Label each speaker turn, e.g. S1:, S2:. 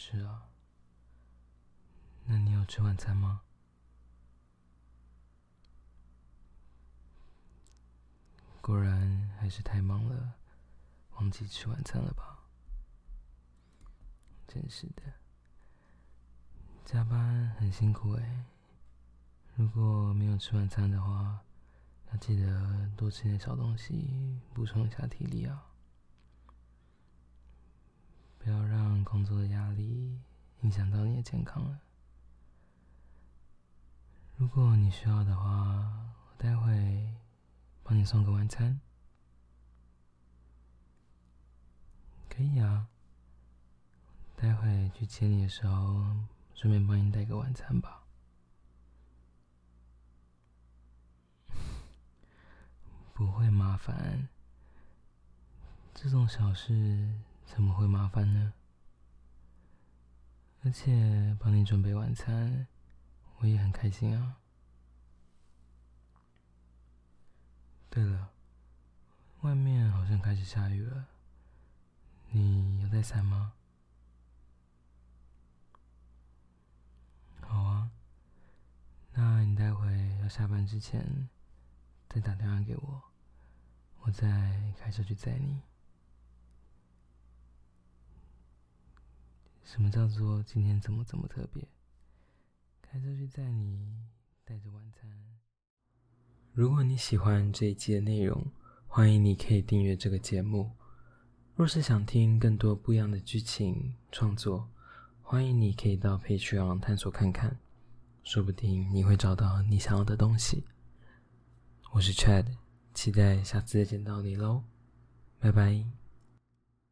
S1: 是啊，那你有吃晚餐嗎？果然還是太忙了，忘記吃晚餐了吧？真是的，加班很辛苦誒、欸。如果沒有吃晚餐的話，要記得多吃點小東西，補充一下體力啊。工作的壓力影響到你的健康了。如果你需要的話，我待會幫你送個晚餐。可以啊，待會去接你的時候，順便幫你帶個晚餐吧。不會麻煩，這種小事怎麼會麻煩呢？而且幫你準備晚餐，我也很開心啊。對了，外面好像開始下雨了，你有帶傘嗎？好啊，那你待會兒要下班之前再打電話給我，我再開車去載你。什麼叫做今天怎麼怎麼特別？開車去載你，帶着晚餐。如果你喜歡這一期的內容，歡迎你可以訂閱這個節目。若是想聽更多不一樣的劇情創作，歡迎你可以到 Patreon 網探索看看，說不定你會找到你想要的東西。我是 Chad，期待下次見到你嘍，拜拜。